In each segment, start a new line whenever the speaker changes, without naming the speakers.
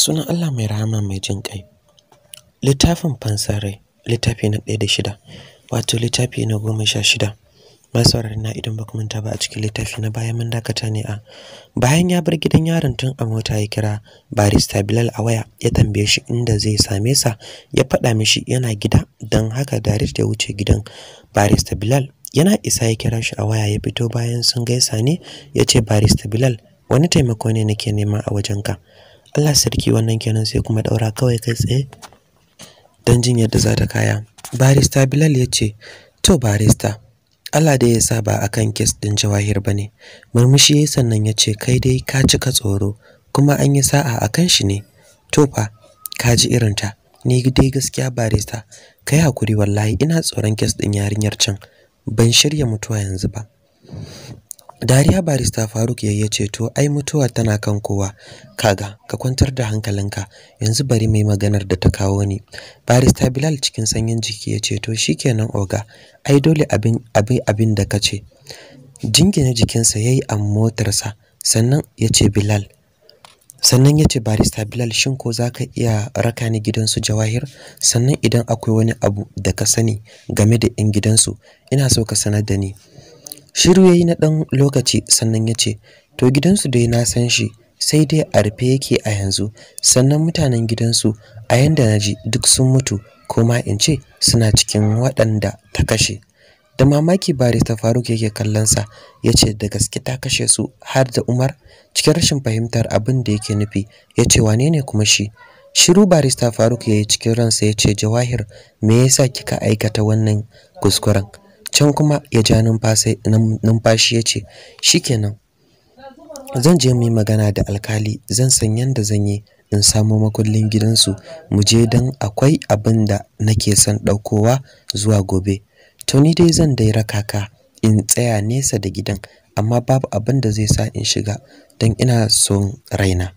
sunan Allah mai rahama mai jin kai littafin fansare littafi na ɗaya da shida wato littafi na goma sha shida masu na idan ba manta ba a cikin littafi na bayan mun dakata ne a bayan ya bar gidan yaron tun a mota ya kira barista Bilal a waya ya tambaye shi inda zai same sa ya faɗa mishi yana gida don haka Darij ya wuce gidan barista Bilal yana isa ya kira shi a waya ya fito bayan sun gaisa ne ya ce barista Bilal wani taimako ne nake nema a wajenka Allah sarki wannan kenan sai kuma daura kawai kai tsaye don jin yadda za ta kaya barista Bilal ya ce to barista Allah da ya sa ba a kan kes din Jawahir ba ne, murmushi sannan ya ce kai dai ka cika tsoro kuma an yi sa'a a kan shi ne to fa ka ji irin ta ni dai gaskiya barista kai hakuri wallahi ina tsoron kes ɗin yarinyar can ban shirya mutuwa yanzu ba Dariya barista Faruk ya ce to ai mutuwa tana kan kowa kaga ka kwantar da hankalinka yanzu bari mai maganar da ta kawo ni barista Bilal cikin sanyin jiki ya ce to shikenan oga ai dole abin abin abin da kace jingina jikinsa yayi a motarsa sannan ya ce Bilal sannan ya ce barista Bilal shin ko zaka iya raka ni gidansu Jawahir sannan idan akwai wani abu da ka sani game da 'yan gidansu ina so ka sanar da ni Shiru yayi na ɗan lokaci sannan ya ce, To gidansu dai na san shi, sai dai a rufe yake a yanzu, sannan mutanen gidansu a yanda na ji duk sun mutu, kuma in ce suna cikin waɗanda ta kashe. Da mamaki barista Faruk yake kallonsa ya ce da gaske ta kashe su har da Umar cikin rashin fahimtar abin da yake nufi ya ce wane ne kuma shi. Shiru barista Faruk ya yi cikin ransa ya ce Jawahir me yasa kika aikata wannan kuskuren? can kuma ya ja numfashi ya ce shikenan zan je mu yi magana da alkali zan san yadda zan yi in samo makullin gidansu mu je don akwai abin da nake son ɗaukowa zuwa gobe to ni dai zan dai raka in tsaya nesa da gidan amma babu abin da zai sa in shiga don ina son raina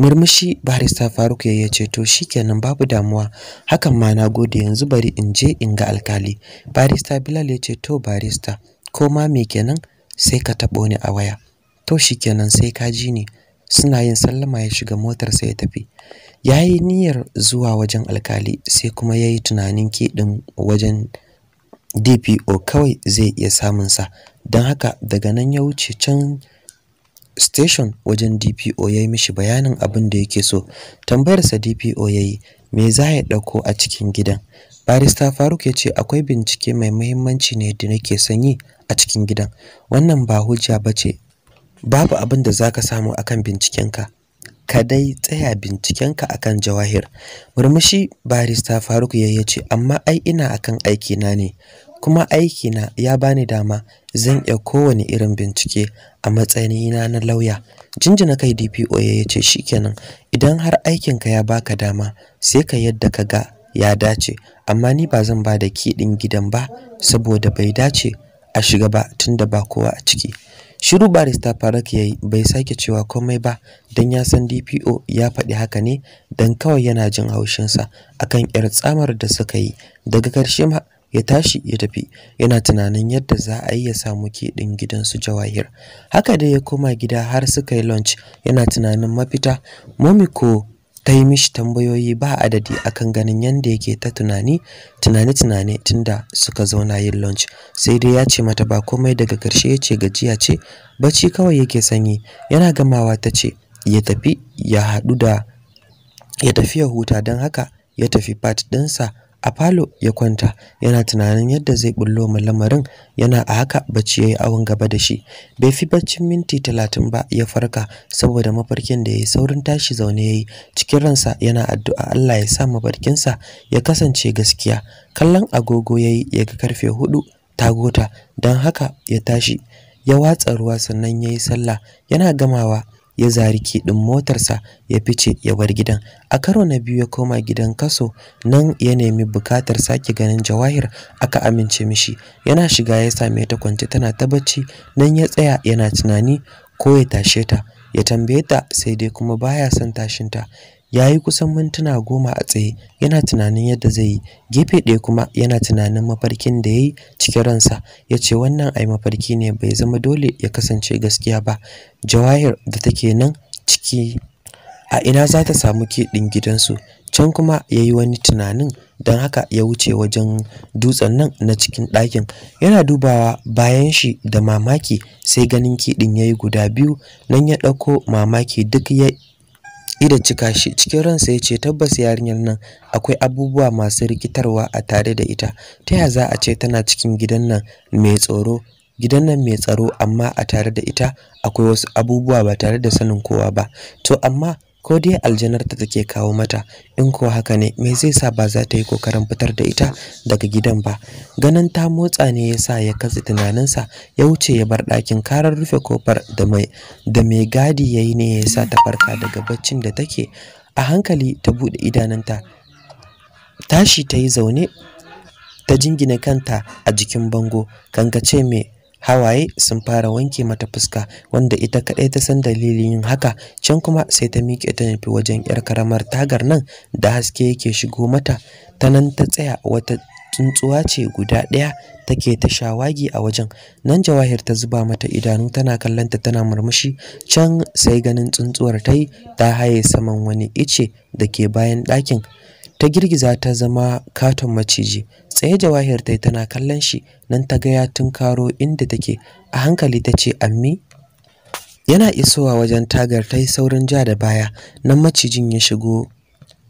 murmushi barista Faruk ya ce to shikenan babu damuwa hakan ma na gode yanzu bari in je in ga alkali barista Bilal ya ce to barista ko ma me kenan sai ka tabo ni a waya to shikenan sai ka ji ni suna yin sallama ya shiga motarsa ya tafi yayi niyyar zuwa wajen alkali sai kuma yayi tunanin kidin wajen DPO kawai zai iya samun sa don haka daga nan ya wuce can station wajen DPO ya yi mishi bayanin abin da yake so. Tambayarsa DPO yayi me za ya dauko a cikin gidan? Barista Faruk ya ce akwai bincike mai muhimmanci ne da nake sanyi a cikin gidan. Wannan ba hujja bace Babu abin da zaka samu akan binciken Ka Ka dai tsaya binciken ka akan jawahir. Murmushi barista Faruk ya ce, amma ai ina akan aikina ne. Kuma aikina ya bani dama zan iya kowane irin bincike a matsayina na lauya jinjina kai DPO ya ce shikenan idan har aikin ka ya baka dama sai ka yadda ka ga ya dace amma ni ba zan ba da kiɗin gidan ba saboda bai dace a shiga ba tunda ba kowa a ciki shiru barista farak yayi bai sake cewa komai ba dan ya san DPO ya faɗi haka ne dan kawai yana jin haushinsa akan yar tsamar da suka yi daga karshe ma ya tashi ya tafi yana tunanin yadda za a yi ya samu keɗin gidansu jawahir haka dai ya koma gida har suka yi lunch yana tunanin mafita momiko ta yi mishi tambayoyi ba adadi akan ganin yadda yake ta tunani tunani tunani tunda suka zauna yin lunch sai dai ya ce mata ba komai daga karshe ya ce gajiya ce bacci kawai yake sanyi yana gamawa ta ce ya tafi ya haɗu da ya tafi ya huta don haka ya tafi part ɗinsa a falo ya kwanta yana tunanin yadda zai bullo ma lamarin yana a haka bacci yayi awon gaba da shi bai fi baccin minti talatin ba ya farka saboda mafarkin da yayi saurin tashi zaune yayi cikin ransa yana addu'a Allah ya sa mafarkinsa ya kasance gaskiya kallon agogo yayi ya ga karfe hudu tagota dan haka ya tashi ya watsa ruwa sannan yayi sallah yana gamawa ya zari kiɗin motarsa ya fice ya bar gidan a karo na biyu ya koma gidan kaso nan ya nemi bukatar sake ganin jawahir aka amince mishi yana shiga ya same ta kwance tana ta bacci nan ya tsaya yana tunani ko ya tashe ta ya tambaye ta sai dai kuma baya son tashinta ya yi kusan mintuna goma a tsaye yana tunanin yadda zai yi gefe ɗaya kuma yana tunanin mafarkin da ya yi cikin ransa ya ce wannan ai mafarki ne bai zama dole ya kasance gaskiya ba jawahir da take nan ciki a ina za ta samu keɗin gidansu can kuma ya yi wani tunanin don haka ya wuce wajen dutsen nan na cikin ɗakin yana dubawa bayan shi da mamaki sai ganin kiɗin ya yi guda biyu nan ya ɗauko mamaki duk ya ida cika shi cikin ransa ya ce tabbas yarinyar nan akwai abubuwa masu rikitarwa a tare da ita ta ya za a ce tana cikin gidan nan mai tsoro gidan nan mai tsaro amma a tare da ita akwai wasu abubuwa ba tare da sanin kowa ba to amma ko dai aljanar ta take kawo mata in ko haka ne me zai sa ba za ta yi kokarin fitar da ita daga gidan ba ganin ta motsa ne ya sa ya katse tunaninsa ya wuce ya bar ɗakin karar rufe kofar da mai da mai gadi ya yi ne ya sa ta farka daga baccin da take a hankali ta buɗe idanunta tashi ta yi zaune ta jingina kanta a jikin bango kankace mai hawaye sun fara wanke mata fuska wanda ita kaɗai ta san dalilin yin haka can kuma sai ta miƙe ta nufi wajen 'yar karamar tagar nan da haske yake shigo mata ta nan ta tsaya wata tsuntsuwa ce guda ɗaya take ta shawagi a wajen nan jawahir ta zuba mata idanu tana kallanta tana murmushi can sai ganin tsuntsuwar ta yi ta haye saman wani ice da ke bayan ɗakin ta girgiza ta zama katon maciji tsaye jawahir tai tana kallon shi nan ta ga ya tunkaro inda take a hankali ta ce ammi yana isowa wajen tagar tai saurin ja da baya nan macijin ya shigo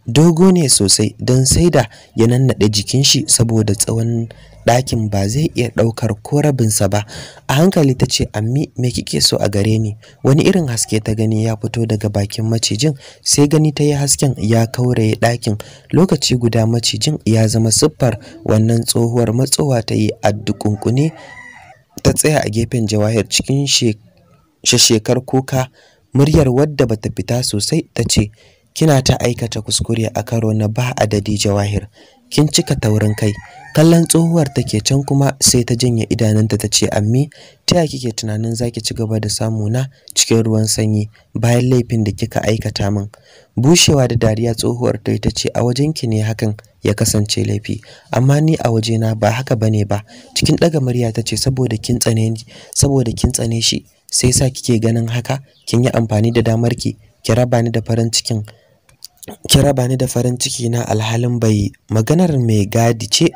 dogo ne sosai don saida da ya nannaɗe jikin shi saboda tsawon ɗakin ba zai iya ɗaukar ko rabinsa ba a hankali ta ce ammi me kike so a gare ni wani irin haske ta gani ya fito daga bakin macijin sai gani ta yi hasken ya kauraye ɗakin lokaci guda macijin ya zama siffar wannan tsohuwar matsowa ta yi a dukunkune ta tsaya a gefen jawahir cikin shekar kuka muryar wadda bata fita sosai ta ce kina ta aikata kuskure a karo na ba adadi jawahir kin cika taurin kai kallon tsohuwar take can kuma sai ta jinya idananta ta ce ammi taya kike tunanin zaki ci gaba da samu na cikin ruwan sanyi bayan laifin da kika aikata min bushewa da dariya tsohuwar ta ta ce a ki ne hakan ya kasance laifi amma ni a wajena ba haka bane ba cikin daga murya ta ce saboda kin tsane saboda kin tsane shi sai sa kike ganin haka kin yi amfani da damarki ki raba ni da farin cikin ki raba ni da farin ciki na alhalin bai maganar mai gadi ce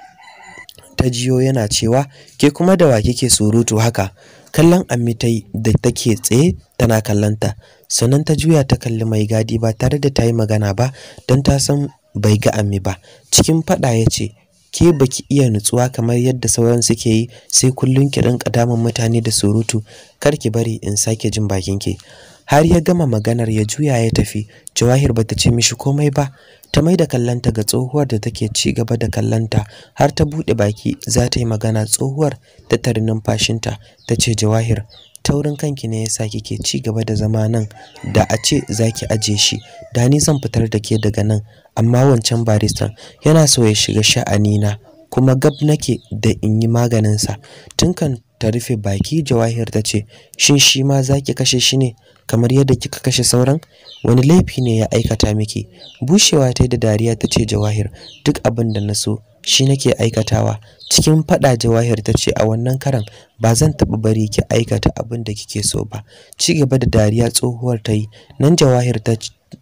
ta jiyo yana cewa ke kuma da wa kike surutu haka kallon amitai ta da take tsaye tana kallonta sannan ta juya ta kalli mai gadi ba tare da ta yi magana ba don ta san bai ga ammi ba cikin fada ya ce ke baki iya nutsuwa kamar yadda sauran suke yi sai kullum ki rinka damun mutane da surutu kar ki bari in sake jin bakin ki har ya gama maganar ya juya ya tafi jawahir bata ce mishi komai ba ta mai da kallanta ga tsohuwar da take ci gaba da kallanta har ta buɗe baki za ta yi magana tsohuwar ta tari numfashinta ta ce jawahir taurin kanki ne yasa kike ci gaba da zama nan da a ce zaki aje shi da ni zan fitar da ke daga nan amma wancan baristan yana so ya shiga sha'ani na kuma gab nake da in yi maganinsa tun kan ta rufe baki jawahir ta ce shin shi ma za ki kashe shi ne kamar yadda kika kashe sauran wani laifi ne ya aikata miki bushewa ta da dariya ta ce jawahir duk abin da na so shi nake aikatawa cikin faɗa jawahir ta ce a wannan karan ba zan taɓa bari ki aikata abin da kike so ba ci gaba da dariya tsohuwar ta yi nan jawahir ta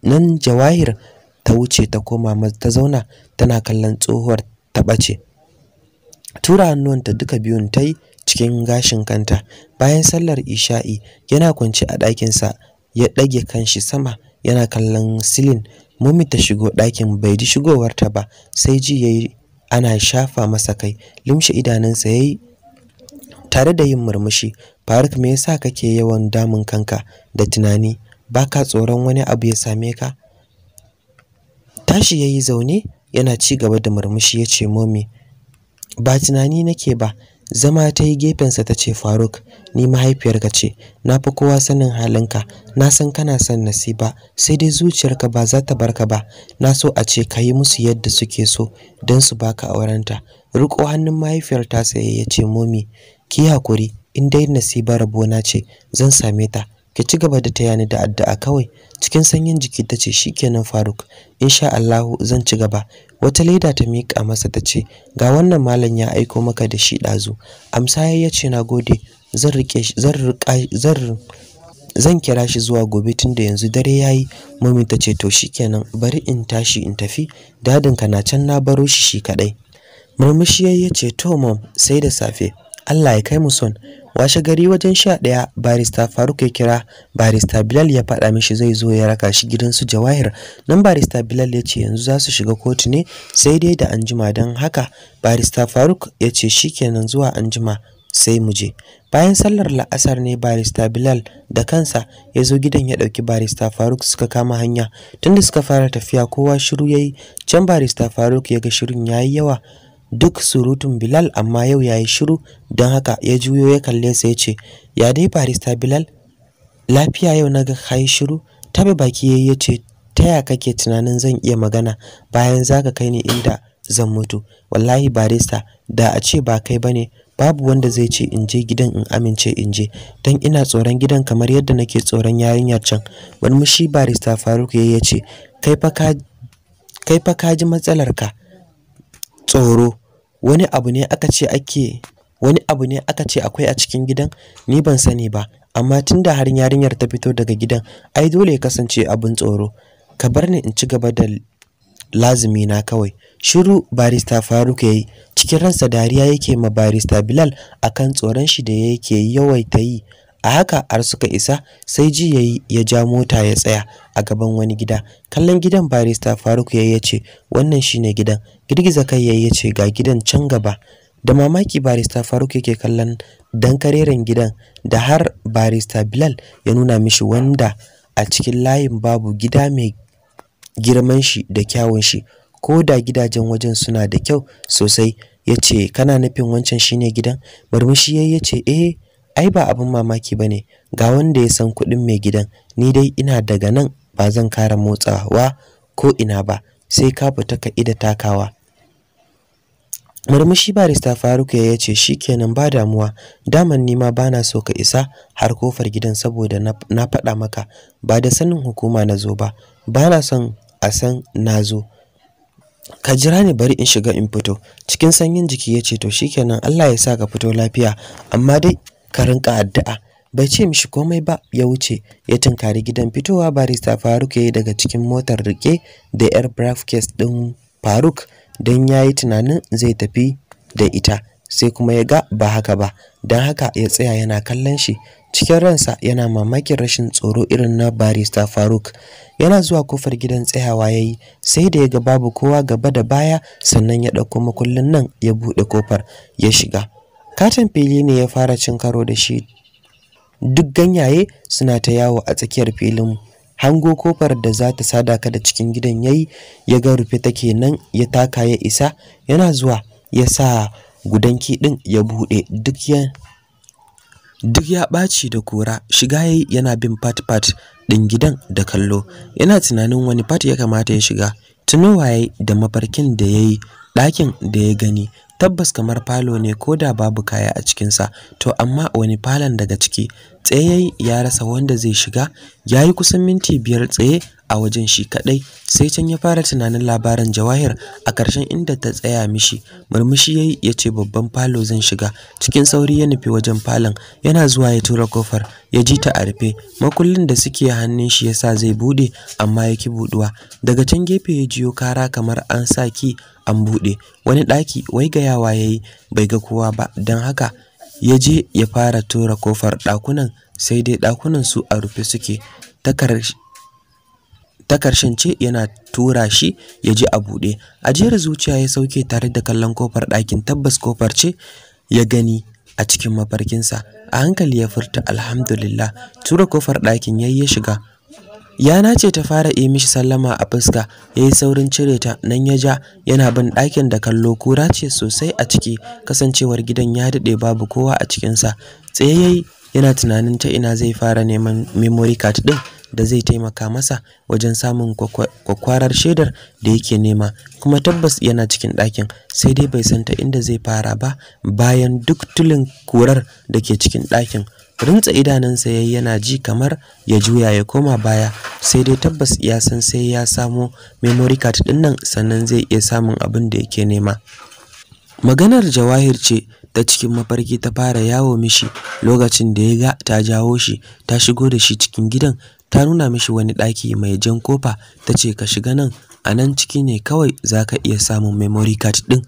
nan jawahir ta wuce ta koma ta zauna tana kallon tsohuwar ta ɓace tura hannuwanta duka biyun ta yi cikin gashin kanta bayan sallar isha'i yana kwanci a ɗakinsa ya ɗage kanshi sama yana kallon silin mummy ta shigo ɗakin bai ji shigowarta ba sai ji yayi ana shafa masa kai limshe idanunsa yayi tare da yin murmushi Faruk me yasa kake yawan damun kanka da tunani baka tsoron wani abu ya same ka tashi yayi zaune yana ci gaba da murmushi yace mummy ba tunani nake ba Zama ta yi gefensa ta ce Faruk, ni mahaifiyarka ce, na fi kowa sanin halinka, na san kana son nasiba, sai dai zuciyarka ba za ta barka ba, na so a ce ka yi musu yadda suke so don su baka aurenta. Riko hannun mahaifiyar ta saye ya ce momi, ki hakuri, in dai nasiba rabona ce, zan same ta, ki ci gaba da tayani da addu'a kawai cikin sanyin jiki tace shikenan Faruk insha Allah zan ci gaba wata leda ta mika masa tace ga wannan malam ya aiko maka da shi dazu amsa ya ce nagode zan rike zan rika zan zan kira shi zuwa gobe tunda yanzu dare yayi mami tace to shikenan bari in tashi in tafi dadinka na can na baro shi shi kadai murmushi ya ce to mom sai da safe Allah ya kai mu son washe gari wajen sha ɗaya barista faruk ya kira barista bilal ya faɗa mishi zai zo ya raka shi gidan su jawahir nan barista bilal ya ce yanzu za su shiga kotu ne sai dai da anjima don haka barista faruk ya ce shikenan zuwa anjima sai mu je bayan sallar la'asar ne barista bilal da kansa ya zo gidan ya ɗauki barista faruk suka kama hanya tunda suka fara tafiya kowa shiru ya yi can barista faruk ya ga shirin ya yi yawa duk surutun Bilal amma yau ya yi shiru don haka ya juyo ya kalle sa ya ce ya dai barista Bilal lafiya yau naga kai shiru tabe baki yayi ya ce 'Ta taya kake tunanin zan iya magana bayan zaka kai ni inda zan mutu wallahi barista da a ce ba kai bane babu wanda zai ce in je gidan in amince in je don ina tsoron gidan kamar yadda nake tsoron yarinyar can mushi barista Faruk yayi ya ce kai fa ka kai fa ka ji matsalarka tsoro wani abu ne aka ce ake wani abu ne aka ce akwai a cikin gidan ni ban sani ba amma tunda har yarinyar ta fito daga gidan ai dole ya kasance abin tsoro ka bar ni in ci gaba da lazumi na kawai shiru barista faruk yayi cikin ransa dariya yake ma barista bilal akan tsoron shi da yake yawaita yi a haka har suka isa sai ji yayi ya ja mota ya tsaya a gaban wani gida kallon gidan barista Faruk yayi ya ce wannan shine gidan girgiza kai yayi ya ga gidan can gaba da mamaki barista Faruk yake kallon dan kareren gidan da har barista Bilal ya nuna mishi wanda a cikin layin babu gida mai girman shi da kyawun shi ko da gidajen wajen suna da kyau sosai yace ce kana nufin wancan shine gidan murmushi yayi yace eh ai ba abin mamaki bane ga wanda ya san kuɗin mai gidan ni dai ina daga nan ba zan kara motsawa ko ina ba sai ka fita ka ida takawa murmushi barista faruk ya ce shikenan ba damuwa daman ni ma bana so ka isa har kofar gidan saboda na faɗa maka ba da sanin hukuma na zo ba bana son a san na zo ka jira ni bari in shiga in fito cikin sanyin jiki ya ce to shikenan Allah ya sa ka fito lafiya amma dai ka rinka addu'a bai ce mishi komai ba ya wuce ya tunkari gidan fitowa barista Faruk yayi daga cikin motar rike da yar briefcase din Faruk don yayi tunanin zai tafi da ita sai kuma ya ga ba haka ba don haka ya tsaya yana kallon shi cikin ransa yana mamakin rashin tsoro irin na barista Faruk yana zuwa kofar gidan tsayawa yayi sai da ya ga babu kowa gaba da baya sannan ya ɗauko makullin nan ya buɗe kofar ya shiga katon fili ne ya fara cin karo da shi duk ganyaye suna ta yawo a tsakiyar filin hango kofar da za ta sadaka da cikin gidan yayi ya ga rufe take nan ya taka ya isa yana zuwa ya sa gudanki din ya bude duk ya duk ya ɓaci da kura shiga yayi yana bin pat-pat ɗin gidan da kallo yana tunanin wani pat ya kamata ya shiga tunowa yayi da mafarkin da yayi ɗakin da ya gani tabbas kamar falo ne ko da babu kaya a cikinsa to amma wani falon daga ciki tsaye ya rasa wanda zai shiga ya yi kusan minti biyar tsaye a wajen shi kadai sai can ya fara tunanin labaran Jawahir a ƙarshen inda ta tsaya mishi murmushi yayi yace babban falo zan shiga cikin sauri ya nufi wajen falon yana zuwa ya tura kofar ya ji ta a rufe makullin da suke hannun shi yasa zai bude amma ya ki buduwa daga can gefe ya jiyo kara kamar an sa ki an bude wani daki wai ga yawa yayi bai ga kowa ba dan haka ya je ya fara tura kofar dakunan sai dai dakunan su a rufe suke ta ta karshen ce yana tura shi ya ji a buɗe ajiyar zuciya ya sauke tare da kallon kofar ɗakin tabbas kofar ce ya gani a cikin mafarkinsa a hankali ya furta alhamdulillah tura kofar ɗakin yayi ya shiga yana ce ta fara yi mishi sallama a fuska Ya yi saurin cire ta nan ya ja yana bin ɗakin da kallo kura ce sosai a ciki kasancewar gidan ya daɗe babu kowa a cikinsa tsayayyai yayi yana tunanin ta ina zai fara neman memory card ɗin da zai taimaka masa wajen samun kwakwarar shaidar da yake nema kuma tabbas yana cikin ɗakin sai dai bai santa inda zai fara ba bayan duk tulin kurar da ke cikin ɗakin rintsa idanunsa yi yana ji kamar ya juya ya koma baya sai dai tabbas ya san sai ya samo memory card din nan sannan zai iya samun abin da yake nema maganar jawahir ce ta cikin mafarki ta fara yawo mishi lokacin da ya ga ta jawo shi ta shigo da shi cikin gidan ta nuna mishi wani ɗaki mai jan kofa ta ce ka shiga nan a nan ciki ne kawai za ka iya samun memory card ɗin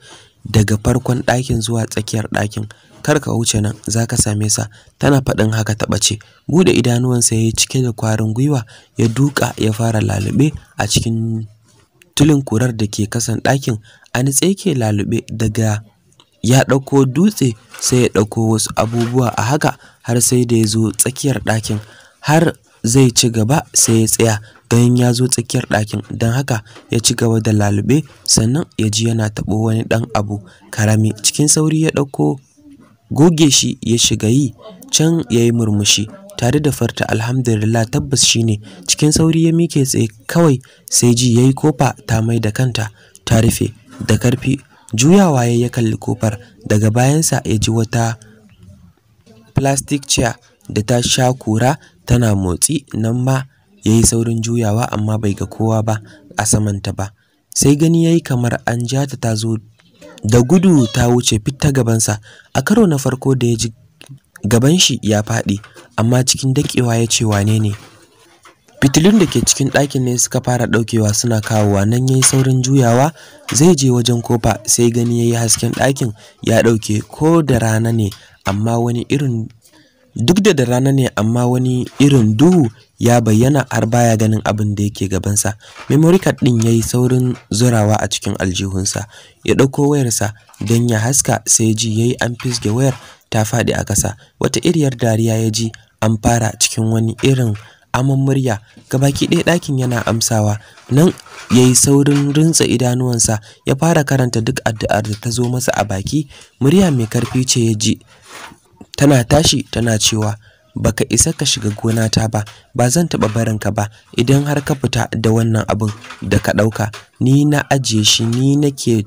daga farkon ɗakin zuwa tsakiyar ɗakin kar ka wuce nan za ka same sa tana faɗin haka ta ɓace buɗe idanuwansa ya yi cike da kwarin gwiwa ya duka ya fara lalube a cikin tulin kurar da ke kasan ɗakin a nitse ke lalube daga ya ɗauko dutse sai ya ɗauko wasu abubuwa a haka har sai da ya zo tsakiyar ɗakin har zai ci gaba sai ya tsaya ganin ya zo tsakiyar ɗakin don haka ya ci gaba da lalube sannan ya ji yana taɓo wani ɗan abu karami cikin sauri ya ɗauko goge shi ya shiga yi can ya yi murmushi tare da farta alhamdulillah tabbas shi ne. cikin sauri ya mike tsaye kawai sai ji ya yi kofa ta mai da kanta ta rufe da karfi juyawa ya ya kalli kofar daga bayansa ya ji wata plastic chair da ta sha kura tana motsi nan ma ya yi saurin juyawa amma bai ga kowa ba a samanta ba sai gani ya yi kamar an ja ta zo da gudu ta wuce fita gabansa a karo na farko da ya ji gaban shi ya faɗi amma cikin dakewa ya ce wane ne fitilun da ke cikin ɗakin ne suka fara ɗaukewa suna kawowa nan ya yi saurin juyawa zai je wajen kofa sai gani ya yi hasken ɗakin ya ɗauke ko da rana ne amma wani irin duk da da rana ne amma wani irin duhu ya bayyana har baya ganin abin da yake gabansa memory card din yayi saurin zurawa a cikin aljihunsa ya dauko wayarsa don ya haska sai ji yayi an fisge wayar ta faɗi a ƙasa wata iriyar dariya ya ji an fara cikin wani irin aman murya gabaki ɗaya ɗakin yana amsawa nan ya yi saurin rintsa idanuwansa ya fara karanta duk addu'ar da ta zo masa a baki murya mai karfi ce ya ji tana tashi tana cewa baka isa ka shiga gonata ba ba zan taɓa barin ka ba idan har ka fita da wannan abin da ka ɗauka ni na ajiye shi ni nake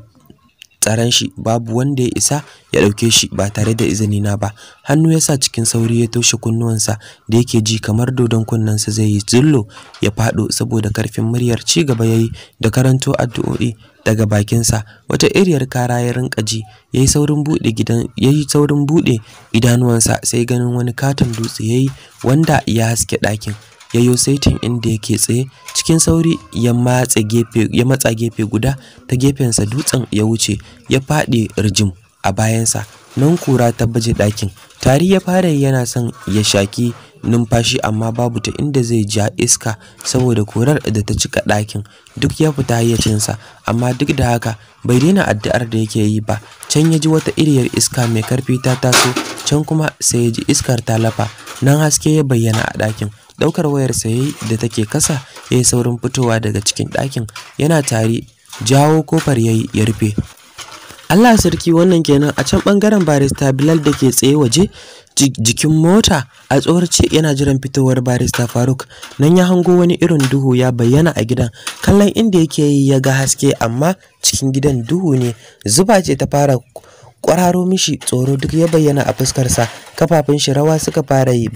tsaron shi babu wanda ya isa ya dauke shi ba tare da izini na ba hannu yasa cikin sauri ya toshe kunnuwansa da yake ji kamar dodon kunnen-sa zai yi zullo ya faɗo saboda karfin muryar ci gaba yayi da karanto addu'o'i daga bakinsa wata iriyar kara ya rinka ji yayi saurin bude gidan yayi saurin bude idanuwansa sai ganin wani katon dutse yayi wanda ya haske ɗakin Yayyo saitin inda yake tsaye cikin sauri ya matsa gefe ya matsa gefe guda ta gefensa dutsen ya wuce ya faɗi rijim a bayansa nan kura ta baje ɗakin tari ya fara yana son ya shaki numfashi amma babu ta inda zai ja iska saboda kurar da ta cika ɗakin duk ya fita hayyacinsa amma duk da haka bai daina addu'ar da yake yi ba can ya ji wata iriyar iska mai karfi ta taso can kuma sai ya ji iskar ta lafa nan haske ya bayyana a ɗakin daukar wayar saye da take kasa yayi saurin fitowa daga cikin ɗakin yana tari jawo kofar yayi ya rufe Allah sarki wannan kenan a can bangaren barista Bilal da ke tsaye waje jikin mota a tsorace yana jiran fitowar barista Faruk nan ya hango wani irin duhu ya bayyana a gidan kallon inda yake yi ya ga haske amma cikin gidan duhu ne zuba ce ta fara kwararo mishi tsoro duk ya bayyana a fuskarsa kafafin shi rawa suka fara yi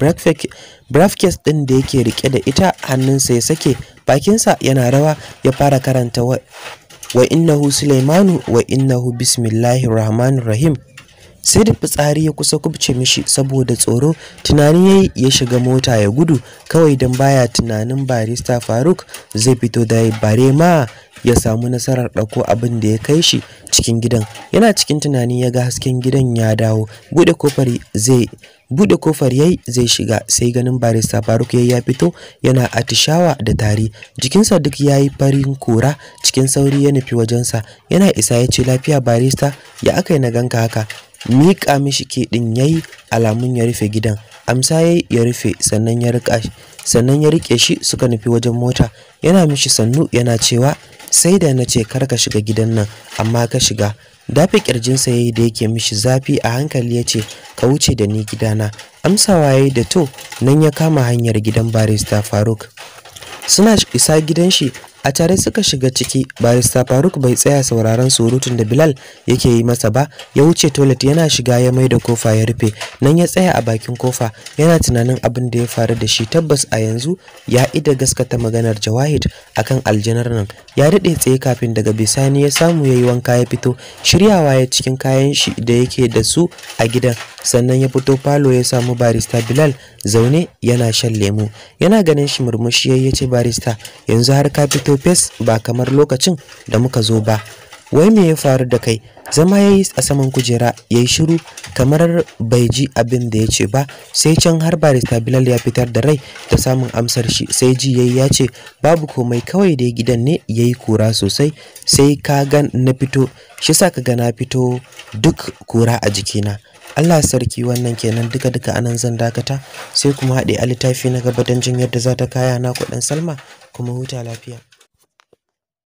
breakfast din da yake rike da ita hannunsa ya sake bakinsa yana rawa ya fara karanta wa innahu sulaimanu wa innahu bismillahir sai da fitsari ya kusa kubce mishi saboda tsoro tunani ya yi ya shiga mota ya gudu kawai don baya tunanin barista faruk zai fito da bare ma ya samu nasarar ɗauko abin da ya kai shi cikin gidan yana cikin tunani ya ga hasken gidan ya dawo buɗe kofar zai yi yayi zai shiga sai ganin barista Faruk yayi ya fito yana atishawa da tari jikinsa duk ya yi farin kura cikin sauri ya nufi wajensa yana isa ya ce lafiya barista ya aka yi na ganka haka miƙa mishi ke ɗin ya yi alamun ya rufe gidan amsa ya ya rufe sannan ya riƙa sannan ya riƙe shi suka nufi wajen mota yana mishi sannu yana cewa sai da na ce kar ka shiga gidan nan amma ka shiga dafe ƙirjinsa ya yi da yake mishi zafi a hankali ya ce ka wuce da ni gidana amsawa ya da to nan ya kama hanyar gidan barista faruk suna isa gidan shi a tare suka shiga ciki barista faruk bai tsaya sauraron surutun da bilal yake yi masa ba ya wuce toilet yana shiga ya mai da kofa ya rufe nan ya tsaya a bakin kofa yana tunanin abin da ya faru da shi tabbas a yanzu ya ida gaskata maganar jawahid akan aljanar nan ya daɗe tsaye kafin daga bisani ya samu ya yi wanka ya fito shiryawa ya cikin kayan shi da yake da su a gidan sannan ya fito falo ya samu barista Bilal zaune yana shan lemo yana ganin shi murmushi ya ce barista yanzu har ka fito fes ba kamar lokacin da muka zo ba wai me ya faru da kai zama ya yi a saman kujera ya yi shiru kamar bai ji abin da ya ce ba sai can har barista bilal ya fitar da rai da samun amsar shi sai ji ya yi ya ce babu komai kawai da ya gidan ne ya yi kura sosai sai ka gan na fito shi sa ka ga na fito duk kura a jikina Allah sarki wannan kenan duka duka anan zan dakata sai kuma haɗe a littafi na gaba don jin yadda za ta kaya na kuɗin Salma kuma huta lafiya